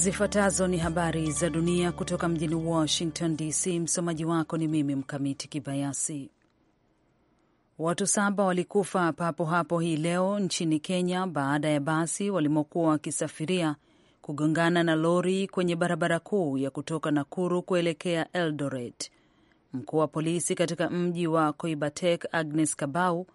Zifuatazo ni habari za dunia kutoka mjini Washington DC. Msomaji wako ni mimi Mkamiti Kibayasi. Watu saba walikufa papo hapo hii leo nchini Kenya baada ya basi walimokuwa wakisafiria kugongana na lori kwenye barabara kuu ya kutoka Nakuru kuelekea Eldoret. Mkuu wa polisi katika mji wa Koibatek, Agnes Kabau,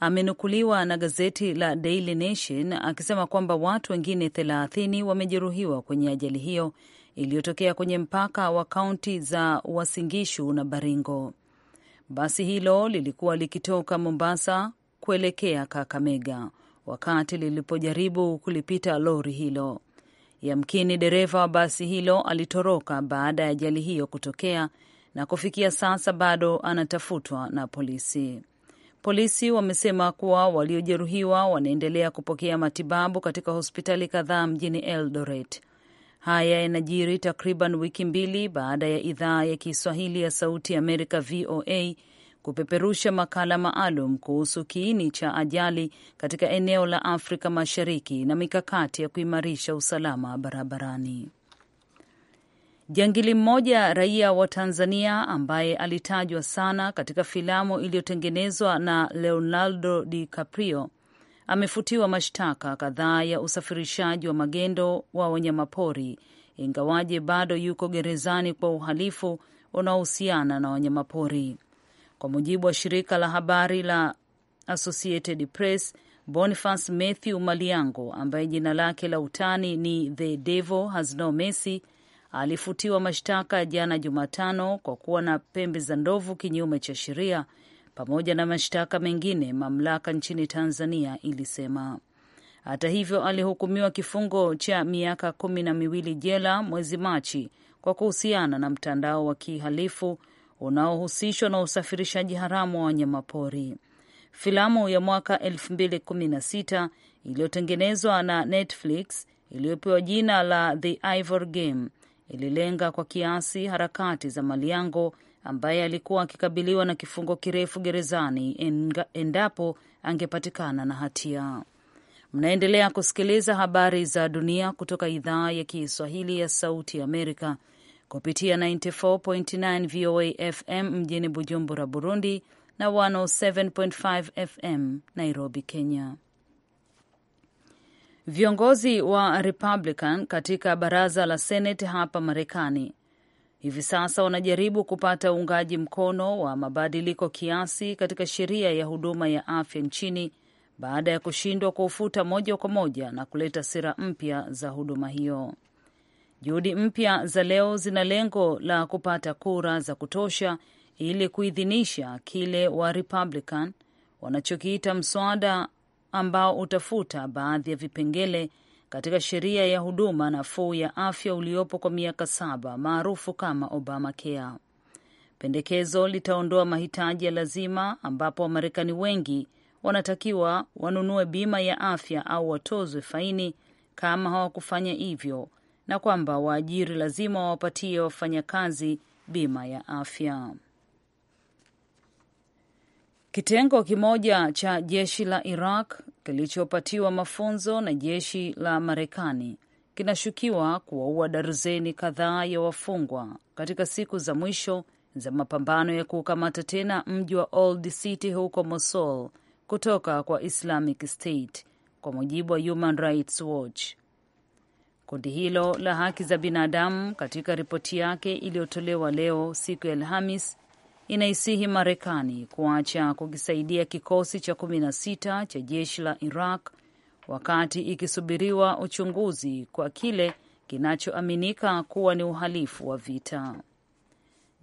amenukuliwa na gazeti la Daily Nation akisema kwamba watu wengine thelathini wamejeruhiwa kwenye ajali hiyo iliyotokea kwenye mpaka wa kaunti za Wasingishu na Baringo. Basi hilo lilikuwa likitoka Mombasa kuelekea Kakamega wakati lilipojaribu kulipita lori hilo. Yamkini dereva wa basi hilo alitoroka baada ya ajali hiyo kutokea, na kufikia sasa bado anatafutwa na polisi. Polisi wamesema kuwa waliojeruhiwa wanaendelea kupokea matibabu katika hospitali kadhaa mjini Eldoret. Haya yanajiri takriban wiki mbili baada ya idhaa ya Kiswahili ya Sauti Amerika VOA kupeperusha makala maalum kuhusu kiini cha ajali katika eneo la Afrika Mashariki na mikakati ya kuimarisha usalama barabarani. Jangili mmoja raia wa Tanzania ambaye alitajwa sana katika filamu iliyotengenezwa na Leonardo DiCaprio amefutiwa mashtaka kadhaa ya usafirishaji wa magendo wa wanyamapori, ingawaje bado yuko gerezani kwa uhalifu unaohusiana na wanyamapori, kwa mujibu wa shirika la habari la Associated Press. Boniface Matthew Maliango ambaye jina lake la utani ni The Devil Has No Mercy alifutiwa mashtaka jana Jumatano kwa kuwa na pembe za ndovu kinyume cha sheria, pamoja na mashtaka mengine, mamlaka nchini Tanzania ilisema. Hata hivyo, alihukumiwa kifungo cha miaka kumi na miwili jela mwezi Machi kwa kuhusiana na mtandao wa kihalifu unaohusishwa na usafirishaji haramu wa wanyamapori. Filamu ya mwaka 2016 iliyotengenezwa na Netflix iliyopewa jina la The Ivory Game ililenga kwa kiasi harakati za Maliango ambaye alikuwa akikabiliwa na kifungo kirefu gerezani endapo angepatikana na hatia. Mnaendelea kusikiliza habari za dunia kutoka idhaa ya Kiswahili ya Sauti ya Amerika kupitia 94.9 VOA FM mjini Bujumbura, Burundi na 107.5 FM Nairobi, Kenya. Viongozi wa Republican katika baraza la Senate hapa Marekani hivi sasa wanajaribu kupata uungaji mkono wa mabadiliko kiasi katika sheria ya huduma ya afya nchini baada ya kushindwa kuufuta moja kwa moja na kuleta sera mpya za huduma hiyo. Juhudi mpya za leo zina lengo la kupata kura za kutosha ili kuidhinisha kile wa Republican wanachokiita mswada ambao utafuta baadhi ya vipengele katika sheria ya huduma nafuu ya afya uliopo kwa miaka saba maarufu kama Obamacare. Pendekezo litaondoa mahitaji ya lazima ambapo Wamarekani wengi wanatakiwa wanunue bima ya afya au watozwe faini kama hawakufanya hivyo, na kwamba waajiri lazima wawapatie wafanyakazi bima ya afya. Kitengo kimoja cha jeshi la Iraq kilichopatiwa mafunzo na jeshi la Marekani kinashukiwa kuwaua darzeni kadhaa ya wafungwa katika siku za mwisho za mapambano ya kuukamata tena mji wa Old City huko Mosul kutoka kwa Islamic State, kwa mujibu wa Human Rights Watch. Kundi hilo la haki za binadamu katika ripoti yake iliyotolewa leo siku ya Alhamis inaisihi Marekani kuacha kukisaidia kikosi cha kumi na sita cha jeshi la Iraq wakati ikisubiriwa uchunguzi kwa kile kinachoaminika kuwa ni uhalifu wa vita.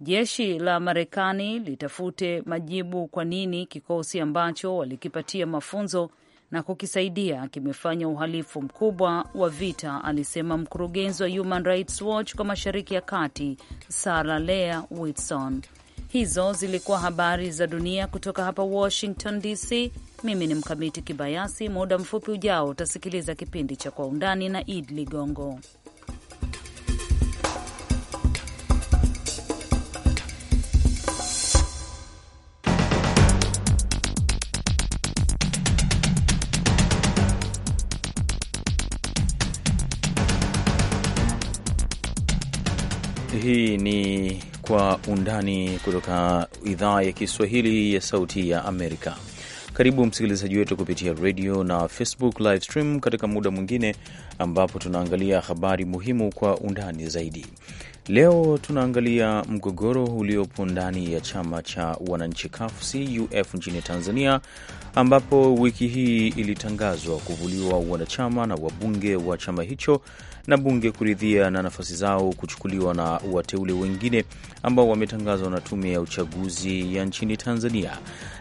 Jeshi la Marekani litafute majibu kwa nini kikosi ambacho walikipatia mafunzo na kukisaidia kimefanya uhalifu mkubwa wa vita, alisema mkurugenzi wa Human Rights Watch kwa Mashariki ya Kati, sara lea Whitson. Hizo zilikuwa habari za dunia kutoka hapa Washington DC. Mimi ni Mkamiti Kibayasi. Muda mfupi ujao utasikiliza kipindi cha Kwa Undani na Id Ligongo. Hii ni kwa undani kutoka idhaa ya Kiswahili ya Sauti ya Amerika. Karibu msikilizaji wetu kupitia radio na Facebook live stream katika muda mwingine ambapo tunaangalia habari muhimu kwa undani zaidi. Leo tunaangalia mgogoro uliopo ndani ya chama cha wananchi CUF CUF nchini Tanzania, ambapo wiki hii ilitangazwa kuvuliwa wanachama na wabunge wa chama hicho na bunge kuridhia na nafasi zao kuchukuliwa na wateule wengine ambao wametangazwa na tume ya uchaguzi ya nchini Tanzania.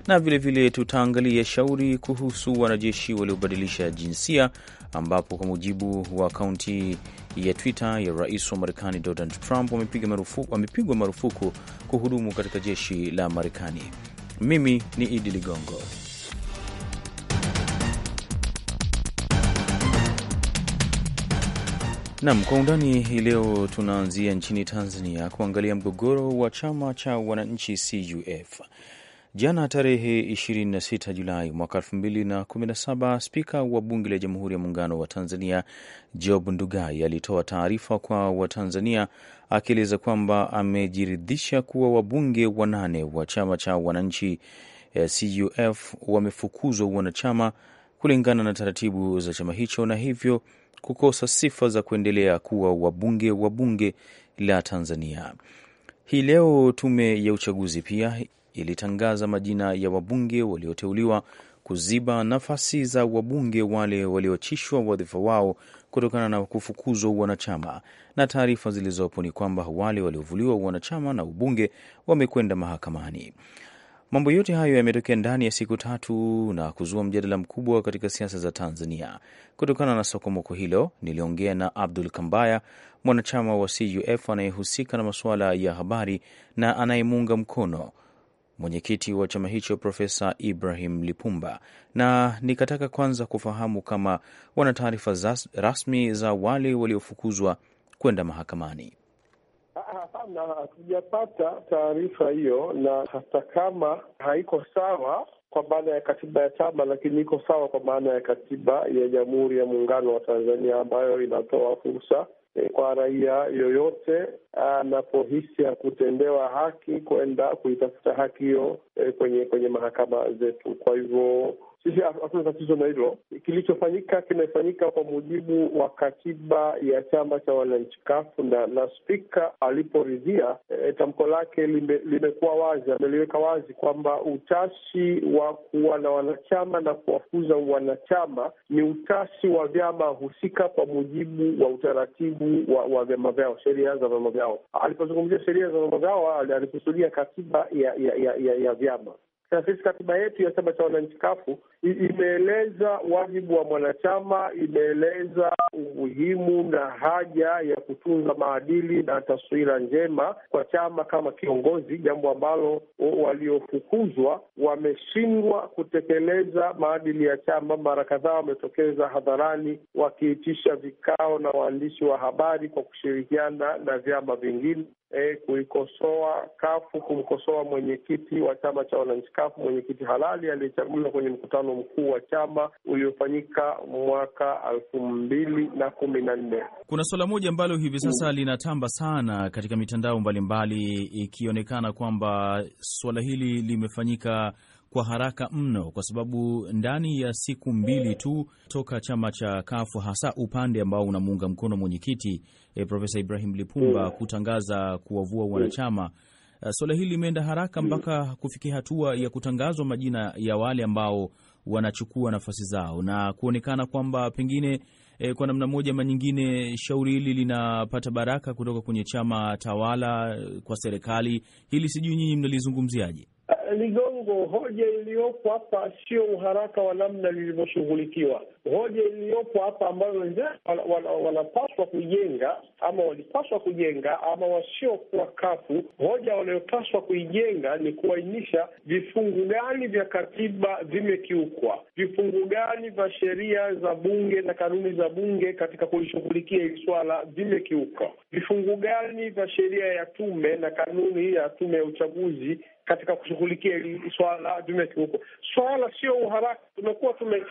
Na vilevile tutaangalia shauri kuhusu wanajeshi waliobadilisha jinsia, ambapo kwa mujibu wa kaunti ya Twitter ya rais wa Marekani Donald Trump wamepigwa marufuku, marufuku kuhudumu katika jeshi la Marekani. Mimi ni Idi Ligongo. Nam kwa undani hii leo, tunaanzia nchini Tanzania kuangalia mgogoro wa chama cha wananchi CUF. Jana tarehe 26 Julai mwaka 2017, spika wa bunge la Jamhuri ya Muungano wa Tanzania Job Ndugai alitoa taarifa kwa Watanzania akieleza kwamba amejiridhisha kuwa wabunge wanane wa chama cha wananchi eh, CUF wamefukuzwa wanachama kulingana na taratibu za chama hicho na hivyo kukosa sifa za kuendelea kuwa wabunge wa bunge la Tanzania. Hii leo tume ya uchaguzi pia ilitangaza majina ya wabunge walioteuliwa kuziba nafasi za wabunge wale walioachishwa wadhifa wao kutokana na kufukuzwa uwanachama, na taarifa zilizopo ni kwamba wale waliovuliwa uwanachama na ubunge wamekwenda mahakamani. Mambo yote hayo yametokea ndani ya siku tatu na kuzua mjadala mkubwa katika siasa za Tanzania. Kutokana na sokomoko hilo, niliongea na Abdul Kambaya, mwanachama wa CUF anayehusika na masuala ya habari na anayemuunga mkono mwenyekiti wa chama hicho Profesa Ibrahim Lipumba, na nikataka kwanza kufahamu kama wana taarifa rasmi za wale waliofukuzwa kwenda mahakamani. Ah, ah, hapana, hatujapata taarifa hiyo, na hata kama haiko sawa kwa maana ya katiba ya chama, lakini iko sawa kwa maana ya katiba ya Jamhuri ya Muungano wa Tanzania ambayo inatoa fursa Eh, kwa raia yoyote anapohisi ya kutendewa haki kwenda kuitafuta haki hiyo eh, kwenye kwenye mahakama zetu. Kwa hivyo sisi hatuna tatizo na hilo. Kilichofanyika kimefanyika kwa mujibu wa katiba ya chama cha wananchi kafu, na na spika aliporidhia, e, tamko lake lime, limekuwa wazi, ameliweka wazi kwamba utashi wa kuwa na wanachama na kuwafuza wanachama ni utashi wa vyama husika kwa mujibu wa utaratibu wa, wa vyama vyao, sheria za vyama vyao. Alipozungumzia sheria za vyama vyao alikusudia katiba ya, ya, ya, ya, ya vyama Taasisi katiba yetu ya chama cha wananchi kafu imeeleza wajibu wa mwanachama, imeeleza umuhimu na haja ya kutunza maadili na taswira njema kwa chama kama kiongozi, jambo ambalo waliofukuzwa wameshindwa kutekeleza maadili ya chama. Mara kadhaa wametokeza hadharani wakiitisha vikao na waandishi wa habari kwa kushirikiana na vyama vingine e, kuikosoa kafu kumkosoa mwenyekiti wa chama cha wananchi kafu, mwenyekiti halali aliyechaguliwa kwenye mkutano mkuu wa chama uliofanyika mwaka elfu mbili na kumi na nne. Kuna suala moja ambalo hivi sasa mm. linatamba sana katika mitandao mbalimbali, ikionekana kwamba suala hili limefanyika kwa haraka mno kwa sababu ndani ya siku mbili tu toka chama cha kafu hasa upande ambao unamuunga mkono mwenyekiti e, Profesa Ibrahim Lipumba mm. kutangaza kuwavua mm. wanachama mm. Suala hili limeenda haraka mm. mpaka kufikia hatua ya kutangazwa majina ya wale ambao wanachukua nafasi zao na kuonekana kwamba pengine E, kwa namna moja ama nyingine shauri hili linapata baraka kutoka kwenye chama tawala kwa serikali. Hili sijui nyinyi mnalizungumziaje? Ligongo, hoja iliyopo hapa sio uharaka wa namna lilivyoshughulikiwa. Hoja iliyopo hapa ambayo wenzao wanapaswa kuijenga ama walipaswa kujenga ama wasiokuwa kafu, hoja wanayopaswa kuijenga ni kuainisha vifungu gani vya katiba vimekiukwa, vifungu gani vya sheria za bunge na kanuni za bunge katika kulishughulikia hili swala vimekiukwa, vifungu gani vya sheria ya tume na kanuni ya tume ya uchaguzi katika kushughulikia swala Dumeki huko. Swala sio uharaka. Tumekuwa tume-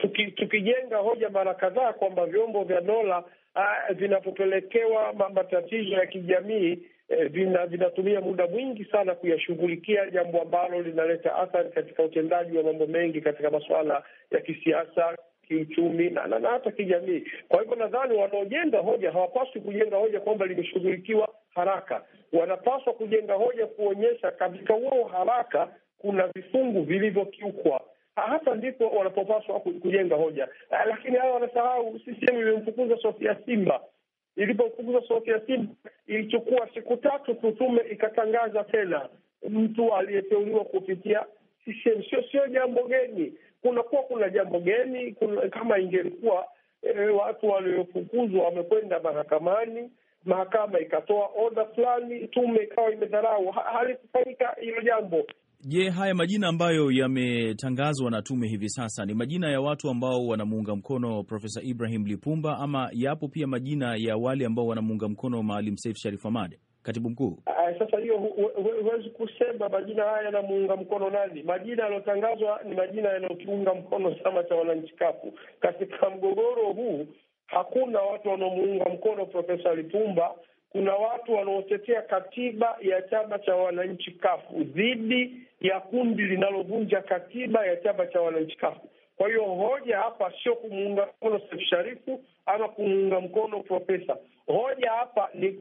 tuki, tukijenga hoja mara kadhaa kwamba vyombo vya dola ah, vinapopelekewa matatizo ya kijamii eh, vina, vinatumia muda mwingi sana kuyashughulikia, jambo ambalo linaleta athari katika utendaji wa mambo mengi katika masuala ya kisiasa kiuchumi na, na, na hata kijamii. Kwa hivyo nadhani wanaojenga hoja hawapaswi kujenga hoja kwamba limeshughulikiwa haraka wanapaswa kujenga hoja kuonyesha katika huo haraka kuna vifungu vilivyokiukwa. Hapa ndipo wanapopaswa kujenga hoja, lakini hawa wanasahau. CCM imemfukuza Sofia Simba. Ilipofukuza Sofia Simba, ilichukua siku tatu tu tume ikatangaza tena mtu aliyeteuliwa kupitia CCM. Sio sio jambo geni, kunakuwa kuna jambo geni kuna, kama ingelikuwa e, watu waliofukuzwa wamekwenda mahakamani mahakama ikatoa oda fulani, tume ikawa imedharau, halikufanyika hilo jambo. Je, haya majina ambayo yametangazwa na tume hivi sasa ni majina ya watu ambao wanamuunga mkono Profesa Ibrahim Lipumba ama yapo pia majina ya wale ambao wanamuunga mkono Maalim Seif Sharif Hamad, katibu mkuu? Sasa hiyo huwezi kusema majina haya yanamuunga mkono nani. Majina yaliyotangazwa ni majina yanayokiunga mkono chama cha wananchi kafu katika mgogoro huu hakuna watu wanaomuunga mkono Profesa Lipumba. Kuna watu wanaotetea katiba ya chama cha wananchi kafu dhidi ya kundi linalovunja katiba ya chama cha wananchi kafu. Kwa hiyo hoja hapa sio kumuunga mkono Seif Sharifu ama kumuunga mkono profesa. Hoja hapa ni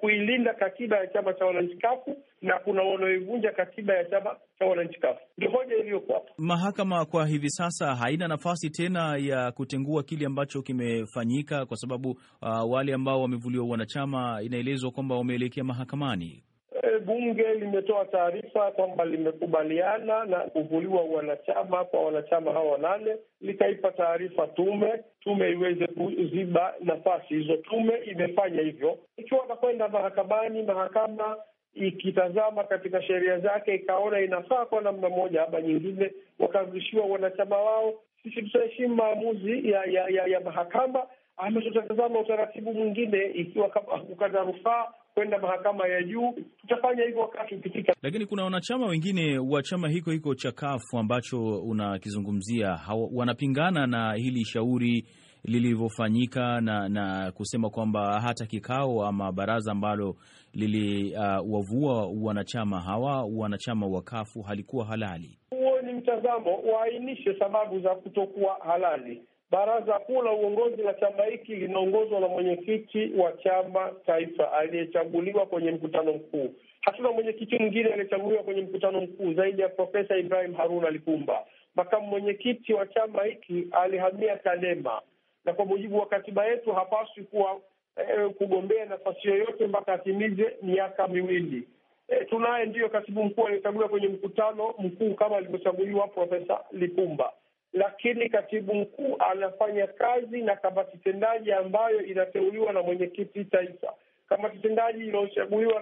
kuilinda katiba ya chama cha wananchi kafu na kuna wanaoivunja katiba ya chama cha wananchi kafu, ndio hoja iliyoko hapa. Mahakama kwa hivi sasa haina nafasi tena ya kutengua kile ambacho kimefanyika, kwa sababu uh, wale ambao wamevuliwa wanachama inaelezwa kwamba wameelekea mahakamani. E, bunge limetoa taarifa kwamba limekubaliana na kuvuliwa wanachama kwa wanachama hao wanane. Likaipa taarifa tume, tume iweze kuziba nafasi hizo. Tume imefanya hivyo. Ikiwa atakwenda mahakamani, mahakama ikitazama katika sheria zake ikaona inafaa kwa namna moja ama nyingine, wakarudishiwa wanachama wao. Sisi tutaheshimu maamuzi ya, ya, ya, ya mahakama ama tutatazama utaratibu mwingine, ikiwa kukata rufaa kwenda mahakama ya juu. Tutafanya hivyo wakati ukifika. Lakini kuna wanachama wengine wa chama hiko hiko cha kafu ambacho unakizungumzia wanapingana na hili shauri lilivyofanyika na, na kusema kwamba hata kikao ama baraza ambalo liliwavua uh, wanachama hawa wanachama wa kafu halikuwa halali. Huo ni mtazamo, waainishe sababu za kutokuwa halali. Baraza kuu la uongozi la chama hiki linaongozwa na mwenyekiti wa chama taifa aliyechaguliwa kwenye mkutano mkuu. Hatuna mwenyekiti mwingine aliyechaguliwa kwenye mkutano mkuu zaidi ya Profesa Ibrahim Haruna Lipumba. Makamu mwenyekiti wa chama hiki alihamia Chadema, na kwa mujibu wa katiba yetu hapaswi kuwa eh, kugombea nafasi yoyote mpaka atimize miaka miwili. Eh, tunaye ndiyo katibu mkuu aliyechaguliwa kwenye mkutano mkuu kama alivyochaguliwa Profesa Lipumba lakini katibu mkuu anafanya kazi na kamati tendaji ambayo inateuliwa na mwenyekiti taifa. Kamati tendaji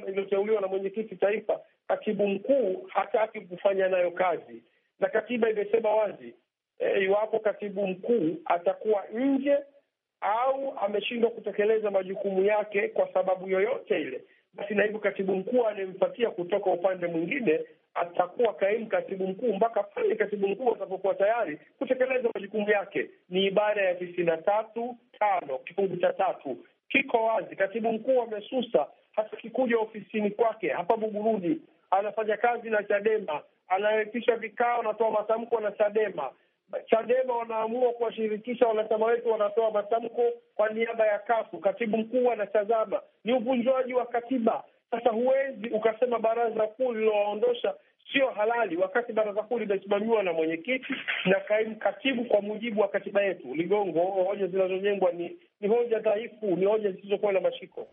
iliyoteuliwa na mwenyekiti taifa, katibu mkuu hataki kufanya nayo kazi, na katiba imesema wazi e, iwapo katibu mkuu atakuwa nje au ameshindwa kutekeleza majukumu yake kwa sababu yoyote ile, basi naibu katibu mkuu anayempatia kutoka upande mwingine atakuwa kaimu katibu mkuu mpaka pale katibu mkuu atakapokuwa tayari kutekeleza majukumu yake. Ni ibara ya tisini na tatu tano kifungu cha tatu kiko wazi. Katibu mkuu amesusa, hata kikuja ofisini kwake hapa Buguruni, anafanya kazi na Chadema, anaitisha vikao, anatoa matamko na Chadema. Chadema wanaamua kuwashirikisha wanachama wetu, wanatoa matamko kwa niaba ya kafu, katibu mkuu anatazama. Ni uvunjwaji wa katiba. Sasa huwezi ukasema baraza kuu lililowaondosha sio halali, wakati baraza kuu limesimamiwa na mwenyekiti na kaimu katibu kwa mujibu wa katiba yetu. Ligongo, hoja zinazojengwa ni, ni hoja dhaifu, ni hoja zisizokuwa na mashiko.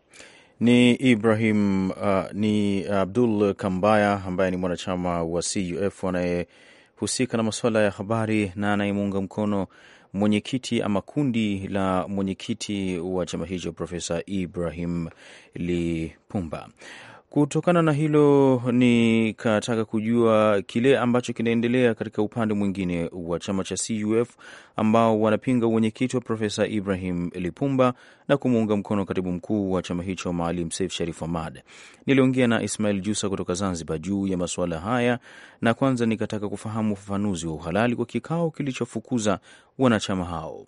Ni Ibrahim uh, ni Abdul Kambaya ambaye ni mwanachama wa CUF anayehusika na masuala ya habari na anayemuunga mkono mwenyekiti ama kundi la mwenyekiti wa chama hicho Profesa Ibrahim Lipumba. Kutokana na hilo nikataka kujua kile ambacho kinaendelea katika upande mwingine wa chama cha CUF ambao wanapinga uwenyekiti wa Profesa Ibrahim Lipumba na kumuunga mkono katibu mkuu wa chama hicho Maalim Seif Sharif Hamad. Niliongea na Ismail Jusa kutoka Zanzibar juu ya masuala haya, na kwanza nikataka kufahamu ufafanuzi wa uhalali kwa kikao kilichofukuza wanachama hao.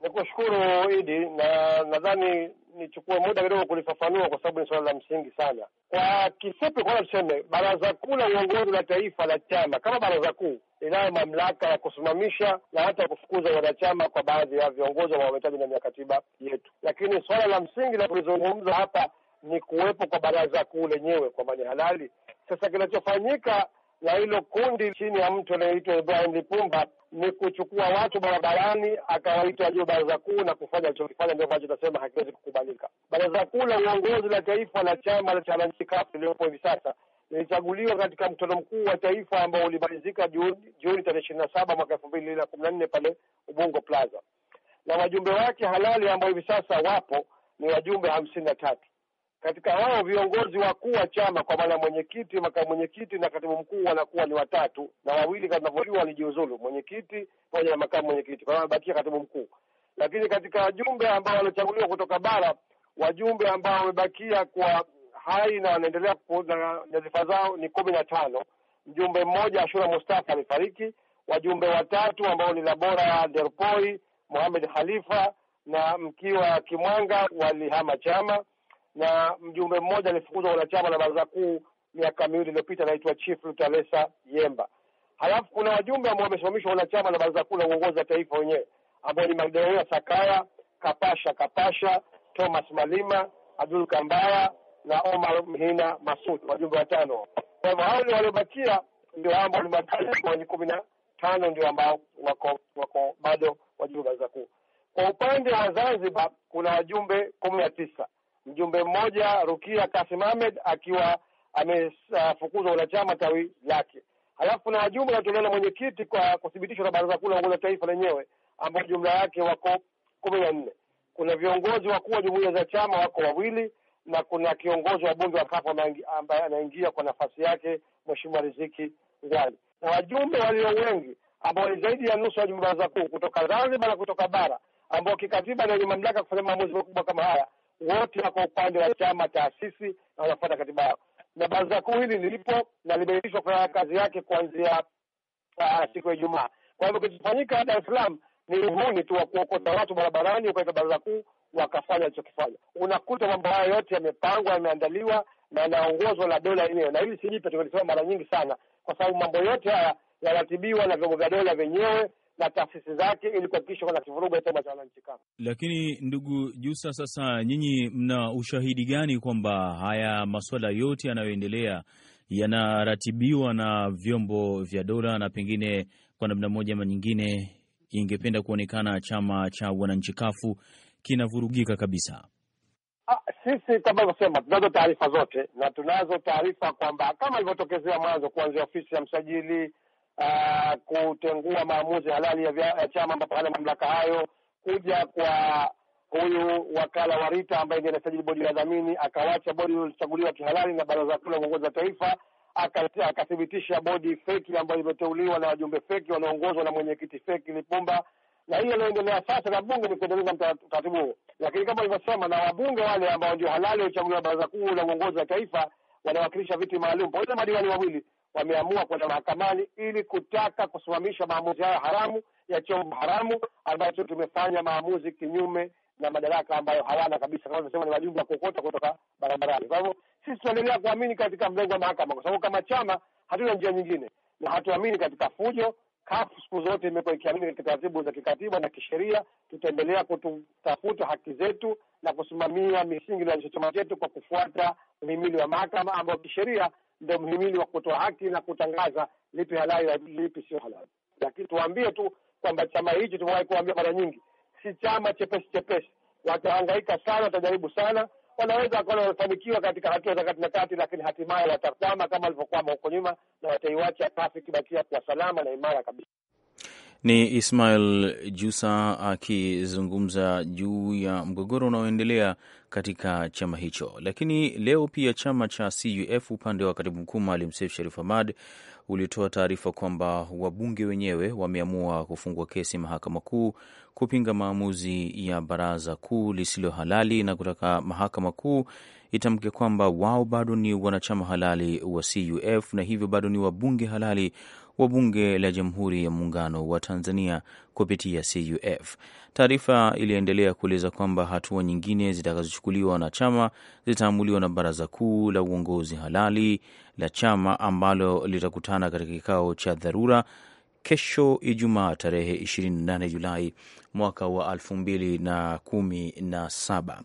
Ni kushukuru Idi, na nadhani nichukue muda kidogo kulifafanua kwa sababu ni suala la msingi sana. Kwa kifupi, kwanza tuseme baraza kuu la uongozi la taifa la chama kama baraza kuu inayo mamlaka ya kusimamisha na hata kufukuza wanachama kwa baadhi ya viongozi wanaohitaji ndani ya katiba yetu, lakini suala la msingi la kulizungumza hapa ni kuwepo kwa baraza kuu lenyewe kwamba ni halali. Sasa kinachofanyika ya hilo kundi chini ya mtu anayeitwa Ibrahim Lipumba ni kuchukua watu barabarani akawaita juu baraza kuu na kufanya alichokifanya, ndio ambacho tunasema hakiwezi kukubalika. Baraza kuu la uongozi la taifa la chama cha wananchi CUF liliyopo hivi sasa lilichaguliwa katika mkutano mkuu wa taifa ambao ulimalizika Juni tarehe ishirini na saba mwaka elfu mbili na kumi na nne pale Ubungo Plaza, na wajumbe wake halali ambao hivi sasa wapo ni wajumbe hamsini na tatu katika wao viongozi wakuu wa chama kwa maana mwenyekiti, makamu mwenyekiti na katibu mkuu wanakuwa ni watatu na wawili, kanavyojua walijiuzulu, mwenyekiti pamoja na makamu mwenyekiti, kwa hiyo amebakia katibu mkuu. Lakini katika wajumbe ambao waliochaguliwa kutoka bara, wajumbe ambao wamebakia kwa hai na wanaendelea na nyadhifa zao ni kumi na tano. Mjumbe mmoja Ashura Mustafa alifariki. Wajumbe watatu ambao ni Labora Derpoi, Mohamed Khalifa na Mkiwa Kimwanga walihama chama na mjumbe mmoja alifukuzwa wanachama na baraza kuu miaka miwili iliyopita, anaitwa Chief Lutalesa Yemba. Halafu kuna wajumbe ambao wamesimamishwa wanachama na baraza kuu la uongozi wa taifa wenyewe ambao ni Magdalena Sakaya, Kapasha Kapasha, Thomas Malima, Abdul Kambaya na Omar Mhina Masud, wajumbe watano. Kwa hivyo hao ndio waliobakia, ndio ambao ni kumi na tano ndio ambao wako wako bado wajumbe wa baraza kuu. Kwa upande wa Zanzibar kuna wajumbe kumi na tisa mjumbe mmoja Rukia Kasim Ahmed akiwa amefukuzwa uh, wanachama tawi lake. Halafu kuna wajumbe wanatolewa na mwenyekiti kwa kuthibitishwa na baraza kuu la uongozi wa taifa lenyewe ambao jumla yake wako kumi na nne. Kuna viongozi wakuu wa jumuiya za chama wako wawili na kuna kiongozi wa bunge wa kafu ambaye anaingia kwa nafasi yake Mheshimiwa Riziki Ngwali, na wajumbe walio wengi ambao ni zaidi ya nusu ya wajumbe baraza kuu kutoka Zanzibar na kutoka bara ambao kikatiba ndio wenye mamlaka kufanya maamuzi makubwa kama haya wote wako upande wa chama taasisi na wanafuata katiba yao, na baraza kuu hili lilipo na limeitishwa kufanya kazi yake kuanzia uh, siku ya Ijumaa. Kwa hivyo kilichofanyika Dar es Salaam ni uhuni tu wa kuokota watu barabarani, ukaita baraza kuu wakafanya alichokifanya. Unakuta mambo haya yote yamepangwa, yameandaliwa na yanaongozwa na dola yenyewe, na hili sijipe, tumelisema mara nyingi sana, kwa sababu mambo yote haya yaratibiwa na vyombo vya dola vyenyewe na taasisi zake ili kuhakikisha wanakivuruga chama cha wananchi kafu. Lakini ndugu Jusa, sasa nyinyi mna ushahidi gani kwamba haya masuala yote yanayoendelea yanaratibiwa na vyombo vya dola na pengine kwa namna moja ama nyingine ingependa kuonekana chama cha wananchi kafu kinavurugika kabisa? Ah, sisi kama alivyosema, tunazo taarifa zote na tunazo taarifa kwamba kama ilivyotokezea mwanzo, kuanzia ofisi ya msajili uh, kutengua maamuzi halali ya, vya, ya chama ambapo hana mamlaka hayo, kuja kwa huyu wakala wa Rita ambaye ndiye anasajili bodi ya dhamini, akawacha bodi iliyochaguliwa kihalali na baraza kuu la uongozi wa taifa, akathibitisha bodi feki ambayo imeteuliwa na wajumbe feki wanaongozwa na mwenyekiti feki Lipumba na hiyo inaendelea sasa, na bunge ni kuendeleza mtaratibu huo. Lakini kama ulivyosema, na wabunge wale ambao ndio halali walichaguliwa baraza kuu la uongozi wa taifa wanawakilisha viti maalum pamoja na madiwani wawili, wameamua kwenda mahakamani ili kutaka kusimamisha maamuzi hayo haramu ya chombo haramu ambacho tumefanya maamuzi kinyume na madaraka ambayo hawana kabisa, kama tunasema ni wajumbe wa kokota kutoka barabarani. Kwa hivyo sisi tunaendelea kuamini katika mrengo wa mahakama, kwa sababu kama chama hatuna njia nyingine, na hatuamini katika fujo. Kafu siku zote imekuwa ikiamini katika taratibu za kikatiba na kisheria. Tutaendelea kutafuta haki zetu na kusimamia misingi na chama chetu kwa kufuata mhimili wa mahakama ambayo kisheria ndio mhimili wa kutoa haki na kutangaza lipi halali, lipi sio halali. Lakini tuwaambie tu kwamba chama hichi, tumewahi kuambia mara nyingi, si chama chepesi chepesi. Watahangaika sana, watajaribu sana, wanaweza wakaona wanafanikiwa katika hatua za kati na kati, lakini hatimaye watakwama kama walivyokwama huko nyuma, na wataiwacha trafiki bakia kuwa salama na imara kabisa. Ni Ismail Jusa akizungumza juu ya mgogoro unaoendelea katika chama hicho. Lakini leo pia chama cha CUF upande wa katibu mkuu Maalim Seif Sharif Hamad ulitoa taarifa kwamba wabunge wenyewe wameamua kufungua kesi mahakama kuu kupinga maamuzi ya baraza kuu lisilo halali na kutaka mahakama kuu itamke kwamba wao bado ni wanachama halali wa CUF na hivyo bado ni wabunge halali wa Bunge la Jamhuri ya Muungano wa Tanzania kupitia CUF. Taarifa iliendelea kueleza kwamba hatua nyingine zitakazochukuliwa na chama zitaamuliwa na Baraza Kuu la Uongozi Halali la chama ambalo litakutana katika kikao cha dharura kesho Ijumaa tarehe 28 Julai mwaka wa 2017.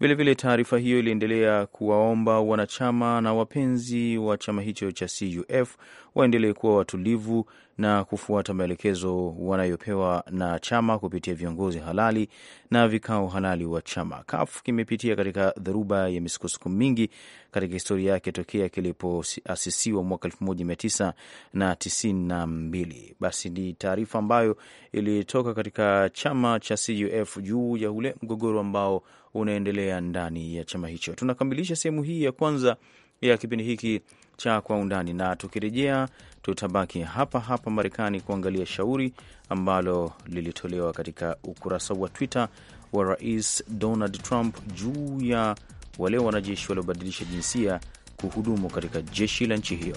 Vilevile, taarifa hiyo iliendelea kuwaomba wanachama na wapenzi wa chama hicho cha CUF waendelee kuwa watulivu na kufuata maelekezo wanayopewa na chama kupitia viongozi halali na vikao halali wa chama. CUF kimepitia katika dharuba ya misukosuko mingi katika historia yake tokea kilipoasisiwa mwaka 1992. Basi ni taarifa ambayo ilitoka katika chama chama cha CUF juu ya ule mgogoro ambao unaendelea ndani ya chama hicho. Tunakamilisha sehemu hii ya kwanza ya kipindi hiki cha Kwa Undani, na tukirejea tutabaki hapa hapa Marekani kuangalia shauri ambalo lilitolewa katika ukurasa wa Twitter wa Rais Donald Trump juu ya wale wanajeshi waliobadilisha jinsia kuhudumu katika jeshi la nchi hiyo.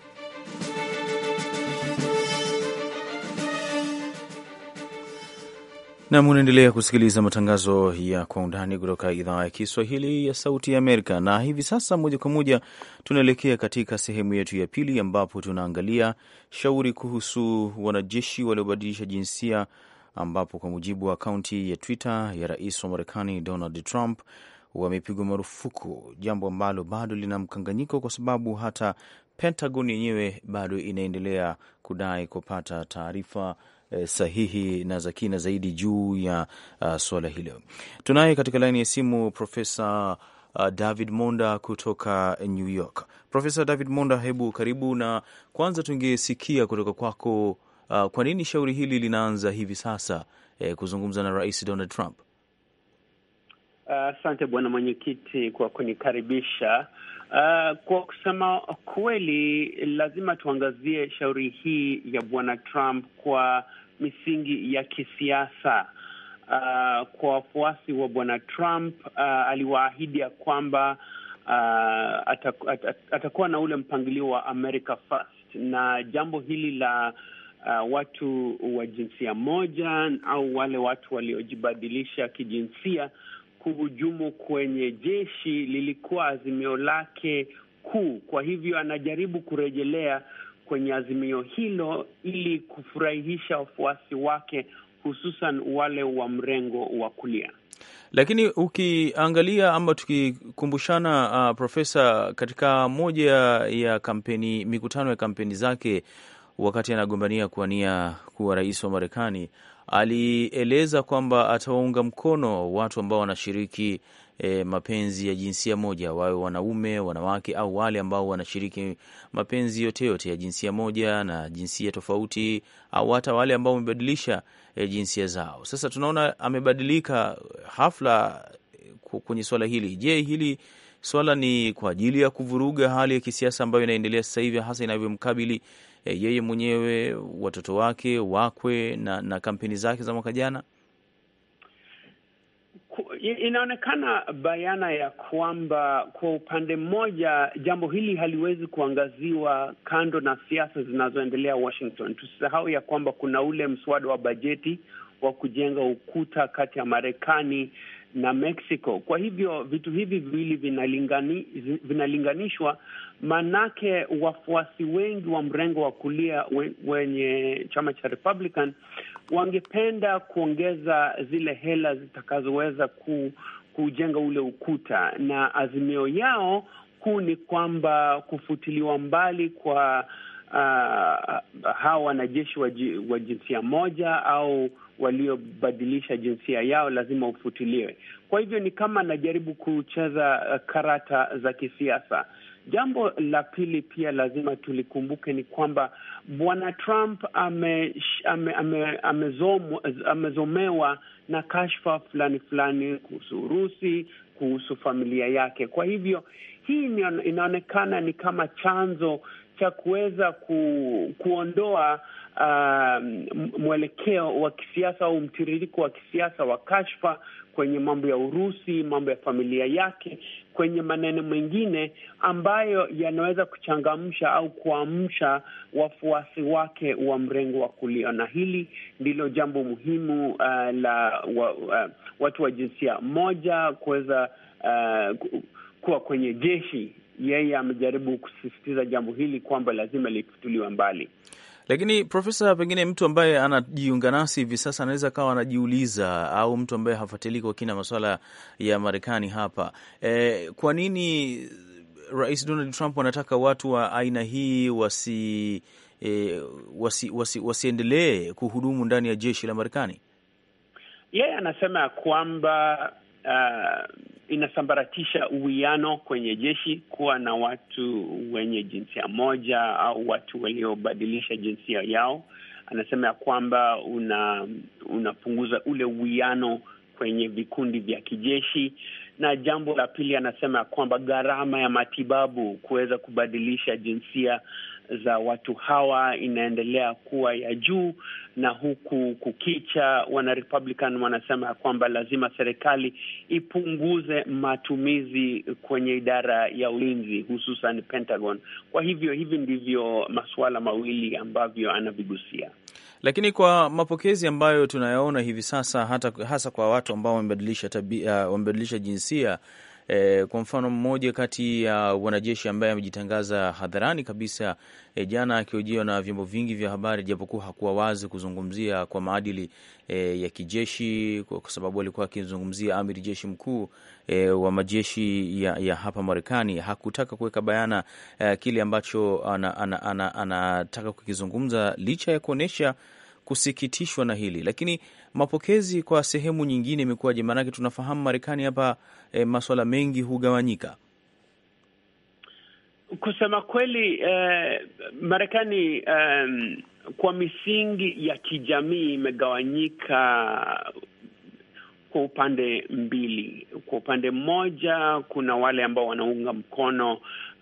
Nam, unaendelea kusikiliza matangazo ya Kwa Undani kutoka idhaa ya Kiswahili ya Sauti ya Amerika. Na hivi sasa moja kwa moja tunaelekea katika sehemu yetu ya pili, ambapo tunaangalia shauri kuhusu wanajeshi waliobadilisha jinsia, ambapo kwa mujibu wa akaunti ya Twitter ya rais wa Marekani Donald Trump wamepigwa marufuku, jambo ambalo bado lina mkanganyiko kwa sababu hata Pentagon yenyewe bado inaendelea kudai kupata taarifa Eh, sahihi na za kina zaidi juu ya uh, suala hilo. Tunaye katika laini ya simu Profesa uh, David Monda kutoka New York. Profesa David Monda, hebu karibu, na kwanza tungesikia kutoka kwako uh, kwa nini shauri hili linaanza hivi sasa eh, kuzungumza na Rais Donald Trump? Eh, asante uh, bwana mwenyekiti kwa kunikaribisha. Uh, kwa kusema kweli, lazima tuangazie shauri hii ya bwana Trump kwa misingi ya kisiasa. Uh, kwa wafuasi wa bwana Trump uh, aliwaahidi ya kwamba uh, ataku, at, at, atakuwa na ule mpangilio wa America First, na jambo hili la uh, watu wa jinsia moja au wale watu waliojibadilisha kijinsia kuhujumu kwenye jeshi lilikuwa azimio lake kuu. Kwa hivyo anajaribu kurejelea kwenye azimio hilo ili kufurahisha wafuasi wake, hususan wale wa mrengo wa kulia. Lakini ukiangalia ama tukikumbushana, uh, Profesa, katika moja ya kampeni, mikutano ya kampeni zake wakati anagombania kuwania kuwa rais wa Marekani alieleza kwamba atawaunga mkono watu ambao wanashiriki e, mapenzi ya jinsia moja, wawe wanaume, wanawake au wale ambao wanashiriki mapenzi yote yote ya jinsia moja na jinsia tofauti, au hata wale ambao wamebadilisha e, jinsia zao. Sasa tunaona amebadilika hafla kwenye swala hili. Je, hili swala ni kwa ajili ya kuvuruga hali ya kisiasa ambayo inaendelea sasa hivi, hasa inavyomkabili Eh, yeye mwenyewe, watoto wake, wakwe na, na kampeni zake za mwaka jana? Inaonekana bayana ya kwamba kwa upande mmoja jambo hili haliwezi kuangaziwa kando na siasa zinazoendelea Washington. Tusisahau ya kwamba kuna ule mswada wa bajeti wa kujenga ukuta kati ya Marekani na Mexico. Kwa hivyo vitu hivi viwili vinalingani, vinalinganishwa, manake wafuasi wengi wa mrengo wa kulia wenye chama cha Republican wangependa kuongeza zile hela zitakazoweza ku, kujenga ule ukuta, na azimio yao kuu ni kwamba kufutiliwa mbali kwa uh, hawa wanajeshi wa jinsia moja au waliobadilisha jinsia yao lazima ufutiliwe. Kwa hivyo ni kama anajaribu kucheza uh, karata za kisiasa. Jambo la pili pia lazima tulikumbuke ni kwamba bwana Trump ame, ame, ame, amezom, amezomewa na kashfa fulani fulani kuhusu Urusi, kuhusu familia yake. Kwa hivyo hii inaonekana ni kama chanzo cha kuweza ku, kuondoa uh, mwelekeo wa kisiasa au mtiririko wa kisiasa wa kashfa kwenye mambo ya Urusi, mambo ya familia yake, kwenye maneno mengine ambayo yanaweza kuchangamsha au kuamsha wafuasi wake wa mrengo wa kulia, na hili ndilo jambo muhimu uh, la wa, uh, watu wa jinsia moja kuweza uh, kuwa kwenye jeshi. Yeye amejaribu kusisitiza jambo hili kwamba lazima lifutuliwe mbali. Lakini profesa, pengine mtu ambaye anajiunga nasi hivi sasa anaweza akawa anajiuliza, au mtu ambaye hafuatilii kwa kina masuala ya Marekani hapa, e, kwa nini Rais Donald Trump anataka watu wa aina hii wasi e, eh, wasiendelee wasi, wasi kuhudumu ndani ya jeshi la Marekani? Yeye yeah, anasema ya kwamba uh, inasambaratisha uwiano kwenye jeshi kuwa na watu wenye jinsia moja au watu waliobadilisha jinsia yao. Anasema ya kwamba una, unapunguza ule uwiano kwenye vikundi vya kijeshi na jambo la pili, anasema ya kwamba gharama ya matibabu kuweza kubadilisha jinsia za watu hawa inaendelea kuwa ya juu, na huku kukicha, wana Republican wanasema ya kwamba lazima serikali ipunguze matumizi kwenye idara ya ulinzi, hususan Pentagon. Kwa hivyo hivi ndivyo masuala mawili ambavyo anavigusia. Lakini kwa mapokezi ambayo tunayaona hivi sasa hata, hasa kwa watu ambao wamebadilisha tabia, wamebadilisha jinsia E, kwa mfano mmoja kati ya uh, wanajeshi ambaye amejitangaza hadharani kabisa e, jana akiojiwa na vyombo vingi vya habari, japokuwa hakuwa wazi kuzungumzia kwa maadili e, ya kijeshi, kwa sababu alikuwa akizungumzia amiri jeshi mkuu e, wa majeshi ya, ya hapa Marekani. Hakutaka kuweka bayana e, kile ambacho anataka ana, ana, ana, ana kukizungumza licha ya kuonyesha kusikitishwa na hili lakini mapokezi kwa sehemu nyingine imekuwaje? Maanake tunafahamu Marekani hapa e, maswala mengi hugawanyika. Kusema kweli, eh, Marekani eh, kwa misingi ya kijamii imegawanyika kwa upande mbili. Kwa upande mmoja, kuna wale ambao wanaunga mkono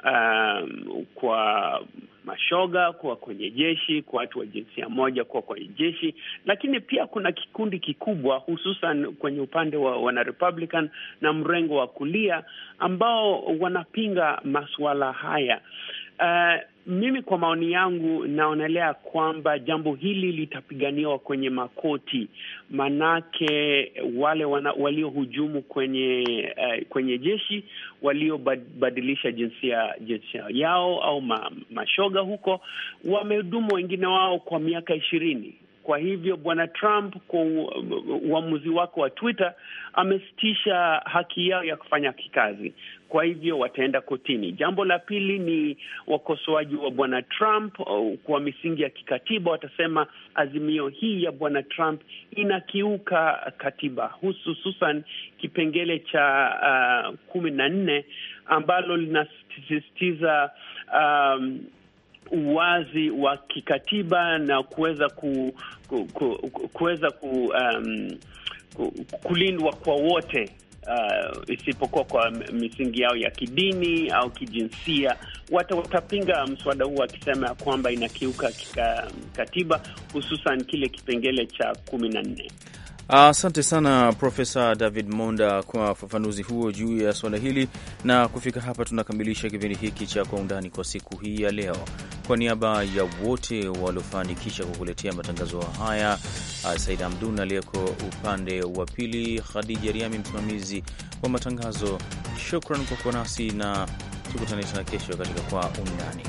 um, kwa mashoga, kuwa kwenye jeshi, kwa watu wa jinsia moja kuwa kwenye jeshi, lakini pia kuna kikundi kikubwa hususan kwenye upande wa wana Republican na mrengo wa kulia ambao wanapinga masuala haya. Uh, mimi kwa maoni yangu naonelea kwamba jambo hili litapiganiwa kwenye makoti, manake wale waliohujumu kwenye uh, kwenye jeshi waliobadilisha jinsia jinsia yao au ma, mashoga huko wamehudumu wengine wao kwa miaka ishirini kwa hivyo bwana Trump kwa uamuzi wake wa Twitter amesitisha haki yao ya kufanya kikazi. Kwa hivyo wataenda kotini. Jambo la pili ni wakosoaji wa bwana Trump uh, kwa misingi ya kikatiba, watasema azimio hii ya bwana Trump inakiuka katiba, hususan kipengele cha uh, kumi na nne ambalo linasisitiza um, uwazi wa kikatiba na kuweza ku, ku, ku, kuweza ku, um, ku, kulindwa kwa wote uh, isipokuwa kwa misingi yao ya kidini au kijinsia. Wata, watapinga mswada huu wakisema ya kwamba inakiuka katiba, hususan kile kipengele cha kumi na nne. Asante sana Profesa David Monda kwa ufafanuzi huo juu ya suala hili. Na kufika hapa, tunakamilisha kipindi hiki cha Kwa Undani kwa siku hii ya leo. Kwa niaba ya wote waliofanikisha kukuletea matangazo haya, uh, Said amdun aliyeko upande wa pili, Khadija Riami msimamizi wa matangazo. Shukran kwa kuwa nasi na tukutane tena kesho katika Kwa Undani.